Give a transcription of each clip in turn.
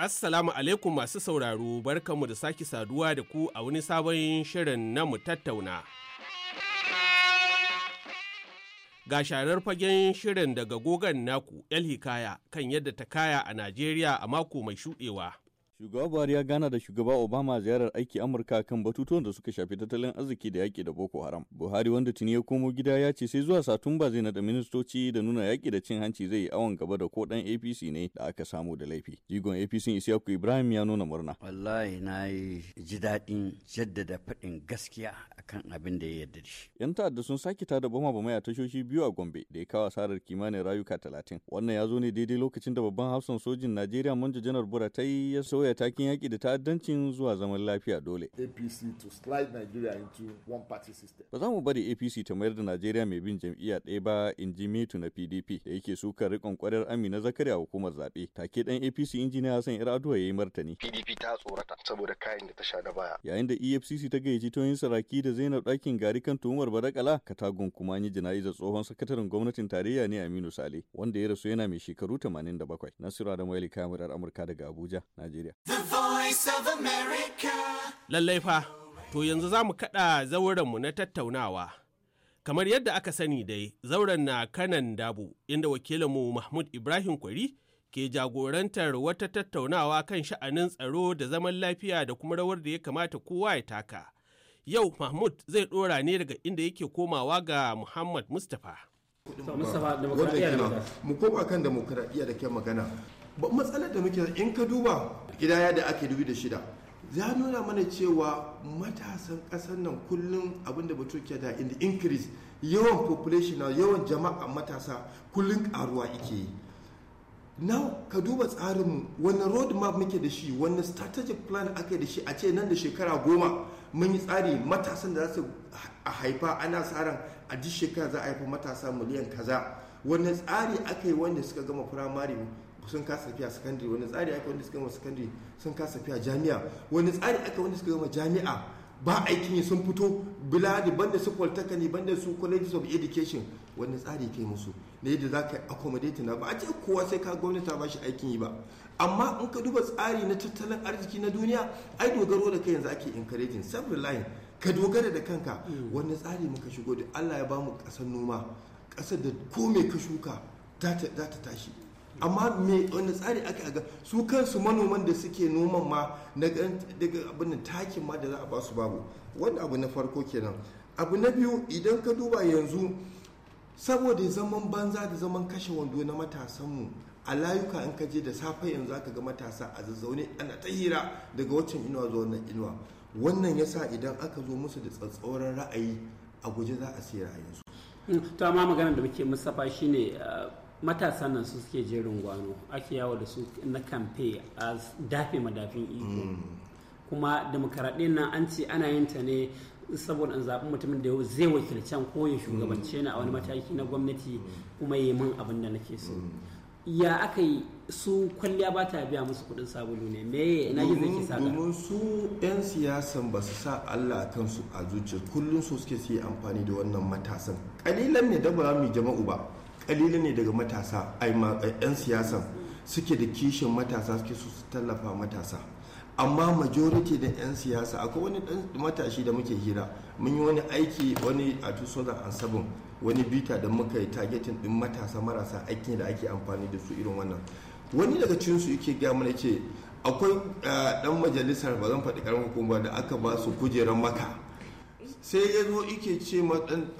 Assalamu alaikum masu sauraro barkanmu da sake saduwa da ku a wani sabon shirin na mu tattauna. Ga sharar fagen shirin daga gogan naku El Hikaya kan yadda ta kaya a Najeriya a mako mai shuɗewa. Shugaba Buhari ya gana da shugaba Obama ziyarar aiki Amurka kan batutuwan da suka shafi tattalin arziki da yaƙi da Boko Haram. Buhari wanda tuni ya komo gida ya ce sai zuwa Satumba zai naɗa ministoci da nuna yaƙi da cin hanci zai yi awon gaba da ko dan APC ne da aka samu da laifi. Jigon APC Isiyaku Ibrahim ya nuna murna. Wallahi na yi ji daɗin jaddada faɗin gaskiya akan abin da ya yarda da shi. Yan ta'adda sun sake tada bama bama a tashoshi biyu a Gombe da ya kawo asarar kimanin rayuka talatin. Wannan ya zo ne daidai lokacin da babban hafsan sojin Najeriya Manja Janar Bura ta yi ya sauya sauya takin yaƙi da ta'addancin zuwa zaman lafiya dole. APC to slide Nigeria into one party system. Ba za mu bari APC ta mayar da Najeriya mai bin jam'iyya ɗaya ba in ji Metu na PDP da yake suka rikon kwarar Amina Zakari a hukumar zaɓe. Take ɗan APC injiniya Hassan Iraduwa ya yi martani. PDP ta tsorata saboda kayan da ta sha na baya. Yayin da EFCC ta gayyaci toyin saraki da Zainab ɗakin gari kan tuhumar badakala katagun kuma an yi jana'izar tsohon sakataren gwamnatin tarayya ne Aminu Sale wanda ya rasu yana mai shekaru 87. Nasiru Adamu Ali Kamarar Amurka daga Abuja, Najeriya. The Voice of Lallai fa, to yanzu za mu kaɗa zaurenmu na tattaunawa. Kamar yadda aka sani dai, zauren na kanan dabu inda wakilinmu Mahmud Ibrahim Kwari ke jagorantar wata tattaunawa kan sha'anin tsaro da zaman lafiya da kuma rawar da ya kamata kowa ya taka. Yau Mahmud zai ɗora ne daga inda yake komawa ga Muhammad Mustapha. Mu koma kan da kyan magana. matsalar da muke in ka duba gidaya da ake dubi da shida za nuna mana cewa matasan ƙasar nan kullum abinda ba ke da in the increase yawan population na yawan jama'a matasa kullum karuwa ike yi now ka duba tsarinmu wani road map muke da shi wani strategic plan aka da shi a ce nan da shekara goma mun yi tsari matasan da za su haifa ana tsarin a duk shekara za a haifa matasa miliyan kaza wani tsari aka yi wanda suka gama firamare sun kasa tafiya sakandare wani tsari aka wanda suka gama sakandare sun kasa tafiya jami'a wani tsari aka wanda suka gama jami'a ba aikin yi sun fito biladi banda su polytechnic banda su colleges of education wani tsari kai musu Na yadda za ka accommodate na ba a ce kowa sai ka gwamnati ba bashi aikin yi ba amma in ka duba tsari na tattalin arziki na duniya ai dogaro da kai yanzu ake encouraging self reliant ka dogara da kanka hmm. wani tsari muka shigo da Allah ya bamu kasar noma kasar da ko mai ka shuka za ta tashi amma me wanda tsari aka ga su kansu manoman da suke noman ma daga abin takin ma da za a ba babu wanda abu na farko kenan abu na biyu idan ka duba yanzu saboda zaman banza da zaman kashe wando na matasanmu a layuka in ka je da safe yanzu aka ga matasa a zazzaune ana ta hira daga waccan inuwa zuwa wannan inuwa wannan yasa idan aka zo musu da tsatsauran ra'ayi a guje za a sai ra'ayinsu hmm, ta ma maganar da muke musafa shine ah, matasan nan su suke jerin gwano ake yawo da su na kamfe a dafe madafin iko kuma demokaradiyyar nan an ce ana yin ta ne saboda an zaɓi mutumin da zai wakilci ko ya shugabance ni a wani mataki na gwamnati kuma ya min abin da nake so ya aka yi su kwalliya ba ta biya musu kuɗin sabulu ne me na yi zai saka domin su yan siyasan ba su sa Allah a kansu a zuciya kullum su suke su amfani da wannan matasan kalilan ne da ba mu jama'u ba kalila ne daga matasa ai 'yan eh, siyasa suke da kishin matasa suke su tallafa matasa amma majority da 'yan siyasa akwai wani dan matashi da muke hira mun yi wani aiki wani a 2007 wani bita da muka yi targeting din matasa marasa aikin da ake amfani da su irin wannan wani daga cinsu yake gaya mana ce akwai dan eh, majalisar ba zan faɗi karamin hukuma da aka ba su kujerar maka sai ya zo ike ce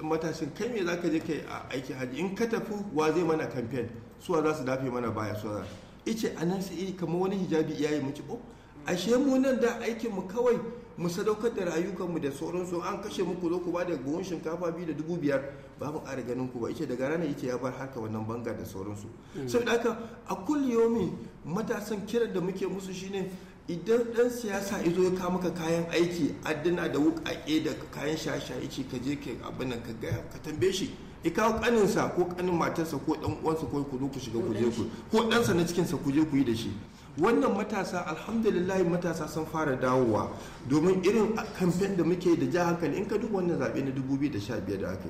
matashin kai me za ka je kai a aiki hajji in ka tafi wa zai mana kamfen suwa za su dafe mana baya suwa za ice a nan sai kamar wani hijabi iyaye mu ci oh, ashe mu nan da aikin mu kawai mu sadaukar da rayukanmu da sauransu an kashe muku zo ku ba da buhun shinkafa biyu da dubu biyar ba mu ƙara ganin ku ba ice daga ranar ice ya bar haka wannan banga da sauransu hmm. saboda haka a kulliyomi matasan kiran da muke musu shine idan dan siyasa izo ya kama ka kayan aiki adana da wukake da kayan shashaye ce ka je ka abin nan ka gaya ka tambaye shi ya kawo kaninsa ko kanin matarsa ko dan uwansa ko ku zo ku shiga ku je ku ko ɗansa na cikinsa ku je ku yi da shi wannan matasa alhamdulillah matasa sun fara dawowa domin irin kamfen da muke da ja hankali in ka duk wannan zaɓe na 2015 da aka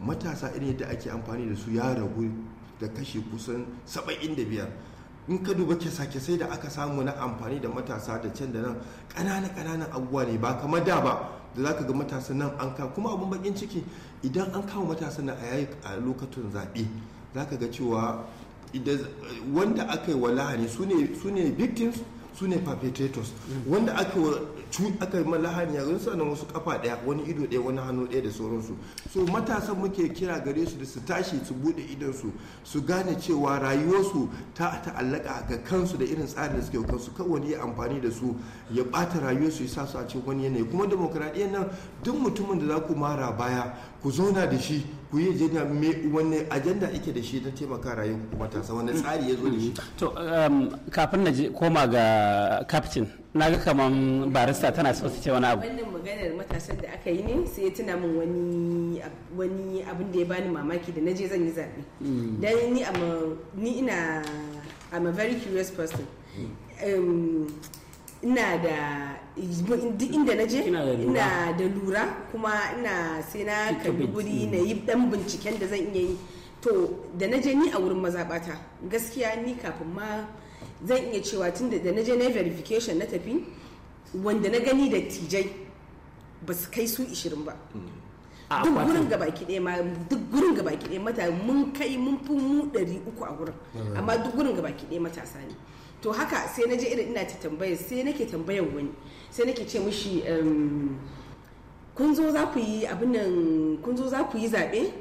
matasa irin yadda ake amfani da su ya ragu da kashe kusan 75 in ka duba kyasa-kyasai da aka samu na amfani da matasa da can da nan ƙananan ƙananan abubuwa ne ba kamar da ba da za ka ga matasa nan an kawo kuma abun bakin ciki idan an kawo matasa nan a yayi a lokacin zaɓe za ka ga cewa wanda aka yi wa lahani su ne victims su ne perpetrators wanda aka aka yi ya sun sanan wasu kafa daya wani ido daya wani hannu daya da sauransu so matasan muke kira gare su da su tashi su bude idon su gane cewa rayuwarsu ta ta'allaka ga kansu da irin tsarin da suke kansu kan wani ya amfani da su ya bata rayuwarsu ya sa su a cikin wani yanayi kuma demokradiyyar nan duk mutumin da za ku mara baya ku zauna da shi ku yi jina me wanne ajanda ake da shi don taimaka rayuwar matasa wani tsari ya zo da shi to um, kafin na koma ga captain na ga kaman barista tana so su ce wani abu wannan maganar matasan da aka yi ne sai ya tuna min wani wani abin da ya bani mamaki da naje zan yi zabe hmm. dan ni ni ina I'm a very curious person ina da duk inda na je ina da lura kuma ina sai na kalli guri na yi dan binciken da zan iya yi to da na je ni a wurin mazaɓata gaskiya ni kafin ma zan iya cewa tun da na je na verification na tafi wanda na gani da tijai ba su kai su 20 ba mm. duk gurin gabaki ɗaya ma duk gurin gabaki ɗaya mata mun kai mun fi mu ɗari uku a gurin mm. amma duk gurin gabaki ɗaya matasa ne to haka sai na je irin ina ta tambaya sai nake tambayar wani sai nake ce mishi kun zo za ku yi abin nan kun zo za ku yi zaɓe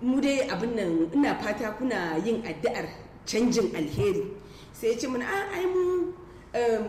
mu dai abin nan ina fata kuna yin addu'ar canjin alheri sai ya ce mana a ah, ai mu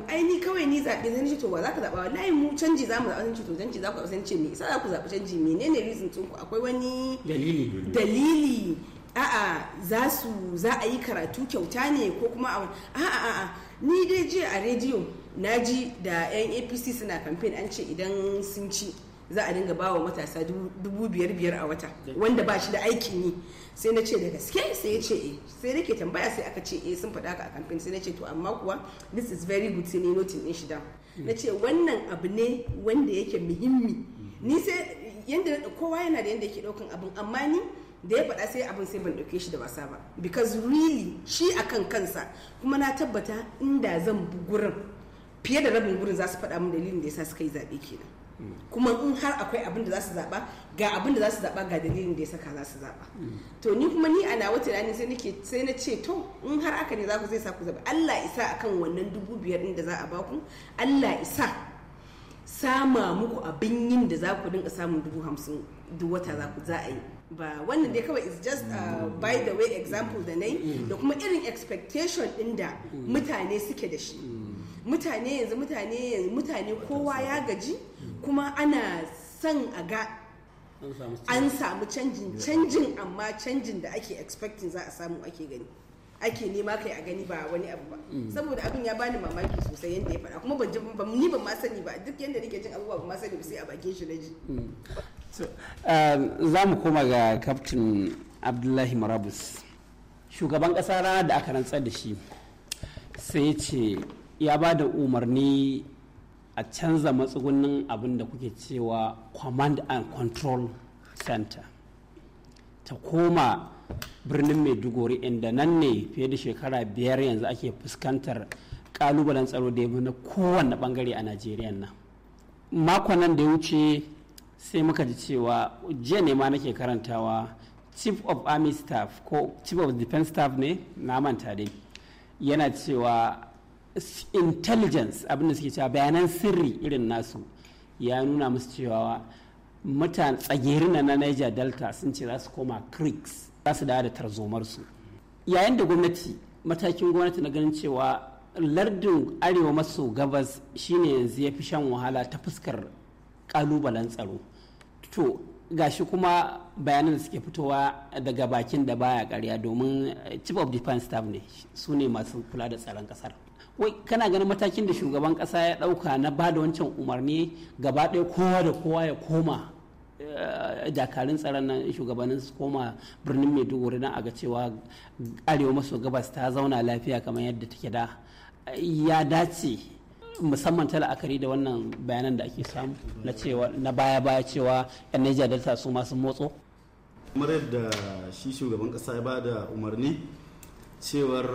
ai ni kawai ni zaɓe zan ce to wa za ka zaɓa wallahi mu canji za mu zaɓa zan ce to canji za ku zaɓa zan ce me isa za ku zaɓi canji menene reason tun ku akwai wani dalili dalili a'a za su za a yi karatu kyauta ne ko kuma a a'a a'a ni dai jiya a rediyo na ji da yan apc suna kamfen an ce idan sun ci za a dinga bawa matasa dubu biyar biyar a wata wanda ba shi da aikin yi sai na ce da gaske sai ya ce eh sai nake tambaya sai aka ce eh sun faɗa ka a kamfen sai na ce to amma kuwa this is very good sai ne notin in shi down na ce wannan abu ne wanda yake muhimmi ni sai yanda kowa yana da yanda yake ɗaukan abin amma ni da ya faɗa sai abin sai ban ɗauke shi da wasa ba because really shi akan kansa kuma na tabbata inda zan bi gurin fiye da rabin gurin za su faɗa min dalilin da yasa suka yi zaɓe kenan kuma in har akwai abin da za su zaɓa ga abin da za su zaɓa ga dalilin da ya saka za su zaɓa to ni kuma ni a nawa tunani sai nake sai na ce to in har aka ne za ku zai sa ku zaɓa Allah isa kan wannan dubu biyar din da za a baku Allah isa sama muku abin yin da za ku dinga samun dubu hamsin duk wata za ku za a yi ba wannan dai kawai is just a uh, by the way example da nai. da kuma irin expectation ɗin da mutane suke da shi mutane yanzu mutane yanzu mutane kowa ya gaji kuma ana son a ga an samu canjin canjin amma canjin da ake expecting za a samu ake gani ake nema kai a gani ba wani abu ba mm. saboda abin ya bani mamaki sosai yadda ya faɗa kuma ban ba ni ban ma sani ba duk yadda nake jin abubuwa ban ma sani ba sai a bakin shi na ji mm. um, za mu koma ga kaftin abdullahi marabus shugaban kasa da aka rantsar da shi sai ce ya ba da umarni a canza matsugunin abin da kuke cewa command and control center ta koma birnin maiduguri inda nan ne fiye da shekara biyar yanzu ake fuskantar kalubalen tsaro da ya na kowane bangare a najeriya nan makon nan da ya wuce sai muka ji cewa jiya ne ma nake karantawa chief of army staff ko chief of defense staff ne na manta dai yana cewa intelligence abin da suke cewa bayanan sirri irin nasu ya nuna musu cewa mutane tsagerin na niger delta sun ce za su koma creeks za su dawo da tarzomarsu yayin da gwamnati matakin gwamnati na ganin cewa lardin arewa maso gabas shine yanzu ya fi shan wahala ta fuskar kalubalen tsaro to gashi kuma bayanan da suke fitowa daga bakin da baya karya domin chief of defense staff ne su ne masu kula da tsaron kasar wai kana ganin matakin da shugaban kasa ya dauka na ba da wancan umarni gaba ɗaya kowa da kowa ya koma eh, dakarun tsaron nan shugabannin su koma birnin maiduguri na aga cewa arewa maso gabas ta zauna lafiya kamar yadda take da ya dace musamman ta la'akari da wannan bayanan da ake samu na cewa na baya baya cewa yan Niger Delta su masu motso kamar yadda shi shugaban kasa ya ba da umarni cewar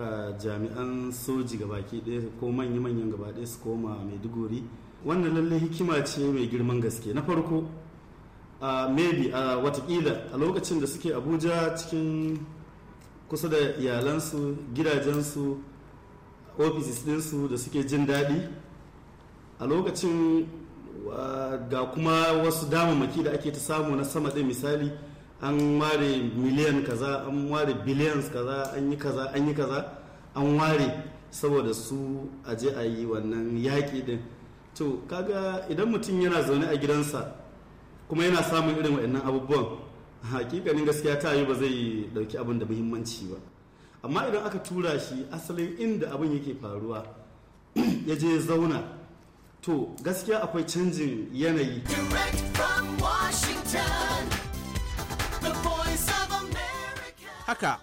eh, jami'an soji baki ɗaya ko manya-manyan gaba ɗaya su koma maiduguri wannan lallai hikima ce mai girman gaske na farko a watakila a lokacin da suke abuja cikin kusa da iyalansu gidajensu offices ɗinsu da suke jin daɗi a lokacin ga kuma wasu damammaki da ake ta samu na sama ɗin misali an ware miliyan kaza an ware billions kaza an yi kaza an yi kaza an ware saboda su aje a yi wannan yaƙi din to kaga idan mutum yana zaune a gidansa kuma yana samun irin wa'annan abubuwan hakikanin gaskiya ta yi ba zai dauki abin da muhimmanci ba amma idan aka tura shi asalin inda abin yake faruwa ya je zauna to gaskiya akwai canjin yanayi direct from washington Haka,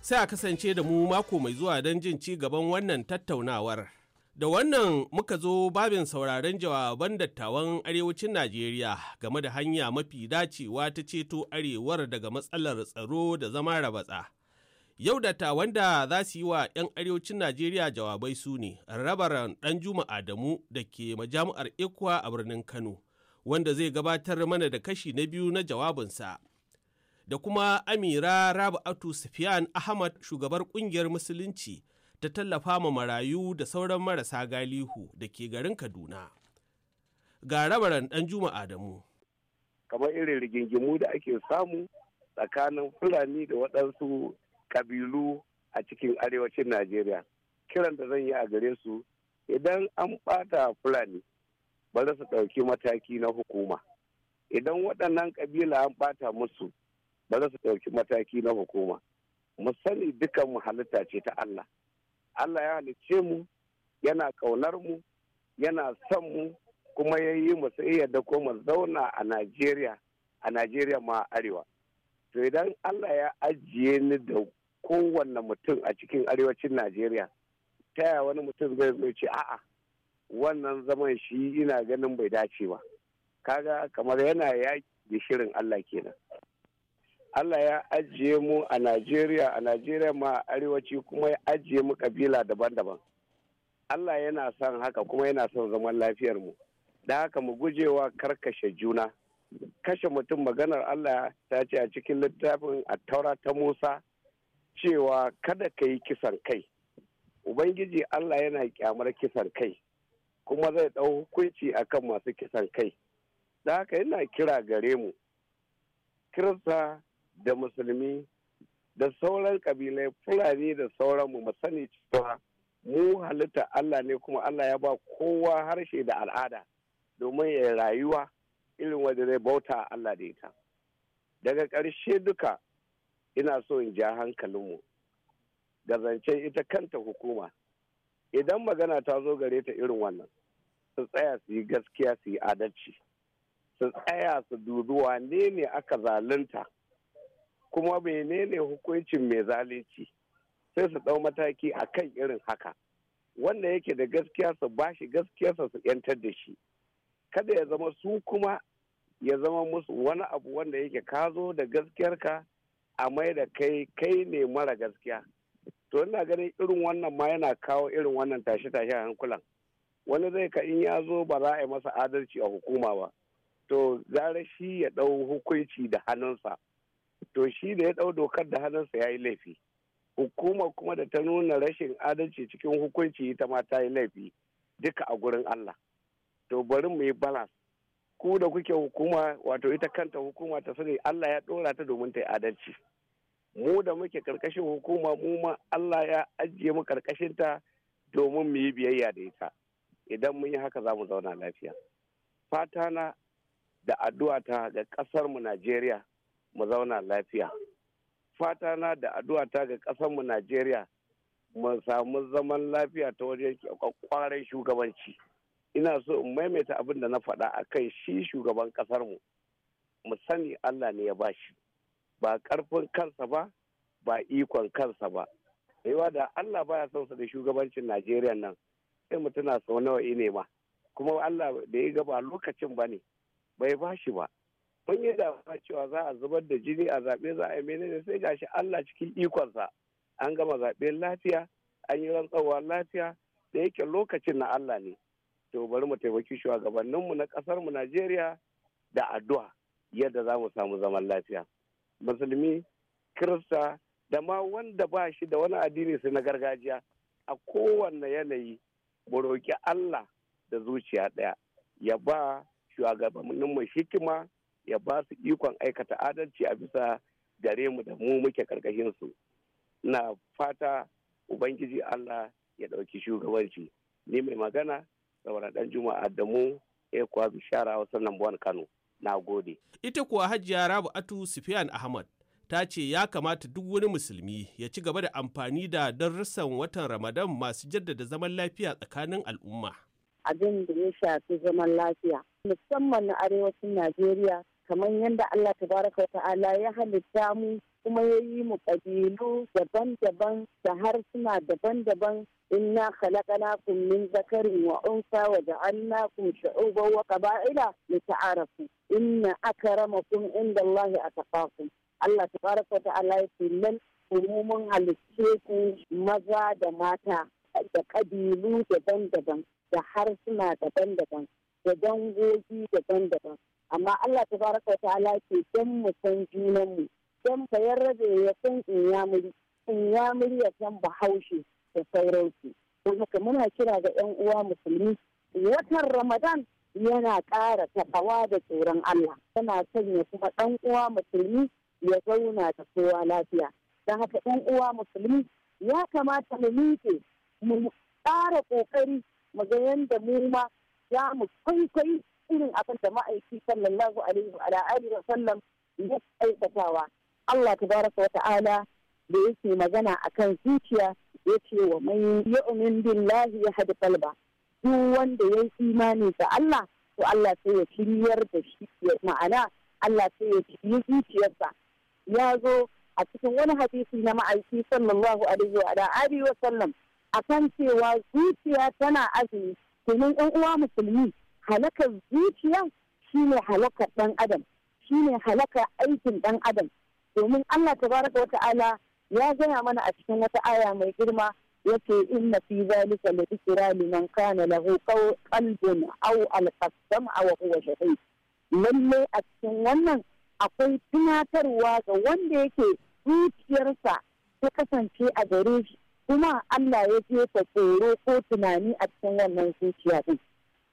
sai a kasance da mu mako mai zuwa don jin ci gaban wannan tattaunawar. Da wannan muka zo babin sauraron jawaban dattawan arewacin Najeriya game da hanya mafi dacewa ta ceto arewar daga matsalar tsaro da zama rabatsa. Yau dattawan wanda za su yi wa 'yan arewacin Najeriya jawabai su ne, rabaran Juma Adamu da ke majami'ar Ikwa a birnin Kano, wanda zai gabatar mana da kashi na biyu na jawabinsa. da kuma Amira Raba'atu Sufyan Ahmad shugabar kungiyar Musulunci ta tallafa ma marayu da sauran marasa galihu da ke garin Kaduna. Ga rabaran ɗan Juma Adamu. Kamar irin rigingimu da ake samu tsakanin Fulani da waɗansu kabilu a cikin arewacin Najeriya. Kiran da zan yi a gare su idan an ɓata Fulani bari su ɗauki mataki na hukuma. Idan waɗannan ƙabila an ɓata musu ba za su ɗauki mataki na hukuma mu sani dukan mu halitta ce ta Allah Allah ya halicce mu yana ƙaunar mu yana son mu kuma ya yi mu sai yadda ko mu zauna a Najeriya a Najeriya ma arewa to idan Allah ya ajiye ni da kowanne mutum a cikin arewacin Najeriya ta yaya wani mutum zai zo ce a'a wannan zaman shi ina ganin bai dace ba kaga kamar yana yaƙi da shirin Allah kenan Allah ya ajiye mu a Najeriya a Najeriya ma a arewaci kuma ya ajiye mu kabila daban-daban. Allah yana son haka kuma yana son zaman lafiyar mu. Da haka mu gujewa karkashe juna. Kashe mutum maganar Allah ta ce a cikin littafin a taura ta Musa cewa kada ka yi kisan kai. Ubangiji Allah yana kyamar kisan kai kuma zai ɗau hukunci akan masu kisan kai. Da haka yana kira gare mu. Kirista da musulmi da sauran kabilai fulani da sauran mu sani cewa mu halitta Allah ne kuma Allah ya ba kowa harshe da al'ada domin ya rayuwa irin wanda zai bauta Allah da ita daga ƙarshe duka ina so in ja hankalinmu ga zancen ita kanta hukuma idan magana ta zo gare ta irin wannan su tsaya su yi gaskiya su yi adalci su tsaya su dubi wane ne aka zalunta kuma menene hukuncin mai zalunci sai su ɗau mataki a kan irin haka wanda yake da gaskiya su bashi shi gaskiyarsa su yantar da shi kada ya zama su kuma ya zama musu wani abu wanda yake ka zo da gaskiyarka a mai da kai kai ne mara gaskiya to ina ganin irin wannan ma yana kawo irin wannan tashe-tashe a hankulan wani zai ka in ya zo ba za a yi masa adalci a hukuma ba to gara shi ya ɗau hukunci da hannunsa to shi da ya ɗau dokar da hannunsa ya yi laifi hukuma kuma da ta nuna rashin adalci cikin hukunci ita ma ta yi laifi duka a gurin Allah to bari mu yi balance ku da kuke hukuma wato ita kanta hukuma ta sani Allah ya dora ta domin ta yi adalci mu da muke karkashin hukuma mu ma Allah ya ajiye mu karkashin ta domin mu yi biyayya da ita idan mun yi haka za mu zauna lafiya fata na da addu'a ta ga ƙasar mu Najeriya mu zauna lafiya fata na da addu'a ta ga ƙasarmu najeriya mu samu zaman lafiya ta wajen kwarai shugabanci ina so in maimaita abin da na faɗa a kan shi shugaban ƙasarmu mu sani allah ne ya bashi ba ƙarfin kansa ba ba ikon kansa ba yawa da allah baya son sa da shugabancin najeriya nan sai mutuna sau nawa ne ma kuma allah da ya ba lokacin ba ne bai bashi ba mun yi damuwa cewa za a zubar da jini a zaɓe za a yi ne sai gashi Allah cikin ikonsa an gama zaɓe lafiya an yi rantsarwa lafiya da yake lokacin na Allah ne to bari mu taimaki shugabanninmu na mu Najeriya da addu'a yadda za mu samu zaman lafiya musulmi kirista da ma wanda ba shi da wani addini sai na gargajiya a kowanne yanayi mu roƙi Allah da zuciya ɗaya ya ba shugabanninmu hikima ya ba su ikon aikata adalci a bisa gare mu da mu muke karkashin su na fata ubangiji allah ya ɗauki shugabanci ni mai magana saboda ɗan juma'a da mu ekuwa bishara wasu lambuwan kano na gode ita kuwa hajiya rabu atu sufiyan ahmad ta ce ya kamata duk wani musulmi ya ci gaba da amfani da darussan watan ramadan masu jaddada zaman lafiya tsakanin al'umma abin da ya shafi zaman lafiya musamman na arewacin najeriya kamar yadda Allah tabaraka ta'ala ya halitta mu kuma ya yi mu ƙabilu daban-daban da harsuna daban-daban inna khalaqnakum min zakarin wa unsa wa ja'alnakum shu'uban wa qaba'ila lita'arafu inna akramakum indallahi ataqakum Allah tabaraka ta'ala ya ce nan umumin halittu ku maza da mata da ƙabilu daban-daban da harsuna daban-daban da dangogi daban-daban amma Allah ta baraka ta'ala ke dan mu san junan junanmu dan bayan rabe ya san inyamuri inyamuri ya san bahaushe da sauransu don haka muna kira ga yan uwa musulmi watan ramadan yana ƙara taɓawa da tsoron Allah yana ya kuma ɗan uwa musulmi ya zauna da kowa lafiya don haka ɗan uwa musulmi ya kamata mu miƙe mu ƙara ƙoƙari mu ga yanda mu ma za mu kwaikwayi irin abin da ma'aiki sallallahu alaihi wa alihi wa sallam ya aikatawa Allah tabaraka wa ta'ala da yake magana akan zuciya ya ce wa mai yu'min billahi ya hadi kalba duk wanda yayi imani ga Allah to Allah sai ya shiryar da shi ma'ana Allah sai ya shirye zuciyarsa ya zo a cikin wani hadisi na ma'aiki sallallahu alaihi wa alihi wa sallam akan cewa zuciya tana azumi domin ɗan uwa musulmi halakar zuciya shine halakar ɗan adam shine halakar aikin ɗan adam domin Allah tabaraka wa ta'ala ya gaya mana a cikin wata aya mai girma yake inna fi zalika la dhikra liman kana lahu qalbun aw al-qasam aw huwa shahid lalle a cikin wannan akwai tunatarwa ga wanda yake zuciyarsa ta kasance a gare shi kuma Allah ya jefa tsoro ko tunani a cikin wannan zuciya din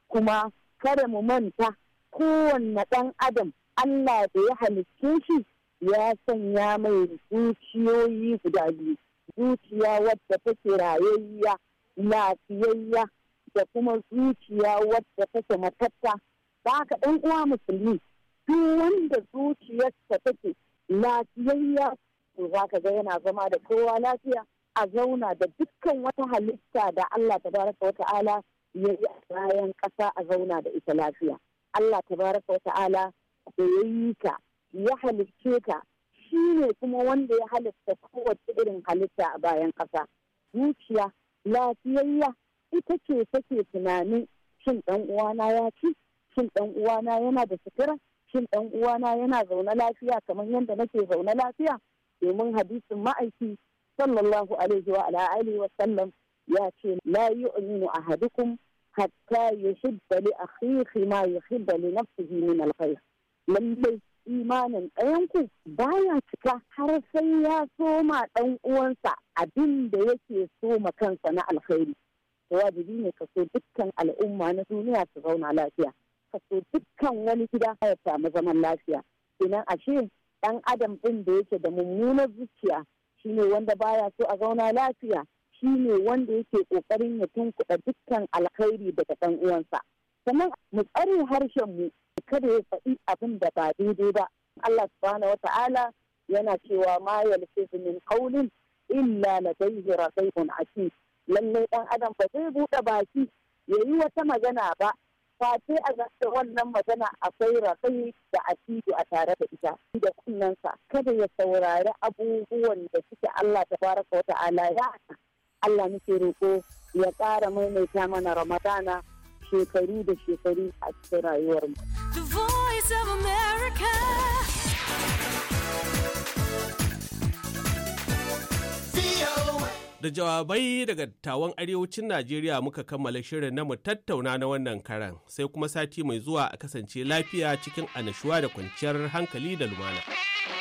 kuma kada mu manta kowanne ɗan adam Allah da ya halittu shi ya sanya mai zuciyoyi guda biyu zuciya wadda take rayayya lafiyayya da kuma zuciya wadda take matatta ba ka ɗan uwa musulmi duk wanda zuciyarsa take lafiyayya to za ka ga yana zama da kowa lafiya a zauna da dukkan wata halitta da Allah ta baraka Wata Ala. ya yi a bayan ƙasa a zauna da ita lafiya Allah tabaraka wa ta'ala da ya yi ka ya halicce ka shi ne kuma wanda ya halitta kowace irin halitta a bayan ƙasa zuciya lafiyayya ita ce take tunani. shin ɗan uwana ya ci shin ɗan uwana yana da sutura shin ɗan uwana yana zaune lafiya kamar yadda nake zaune lafiya domin hadisin ma'aiki sallallahu alaihi wa wa sallam ya ce la yu'minu ahadukum hatta yuhibba li akhihi ma yuhibba li nafsihi min alkhair lallai imanin ɗayanku baya cika har sai ya soma ɗan uwansa abin da yake soma kansa na alkhairi wajibi ne ka so dukkan al'umma na duniya su zauna lafiya ka so dukkan wani gida ya samu zaman lafiya kenan ashe ɗan adam ɗin da yake da mummunar zuciya shine wanda baya so a zauna lafiya Shi ne wanda yake kokarin ya tunkuɗa dukkan alkhairi daga ɗan uwansa sannan mu tsare harshen mu kada ya faɗi abin da ba daidai ba Allah subhanahu wata'ala yana cewa ma yalfizu min qawlin illa ladayhi raqibun atid lallai ɗan adam ba zai buɗe baki yayi wata magana ba face a zance wannan magana akwai rakai da asidu a tare da ita da kunnensa kada ya saurari abubuwan da suke Allah ta baraka wa ta'ala ya Allah muke roƙo ya ƙara maimaita mana Ramadana shekaru da shekaru a cikin mu The Voice of America. Da jawabai daga tawan arewacin Najeriya muka kammala shirin na mu tattauna na wannan karan sai kuma sati mai zuwa a kasance lafiya cikin anashuwa da kwanciyar hankali da lumana.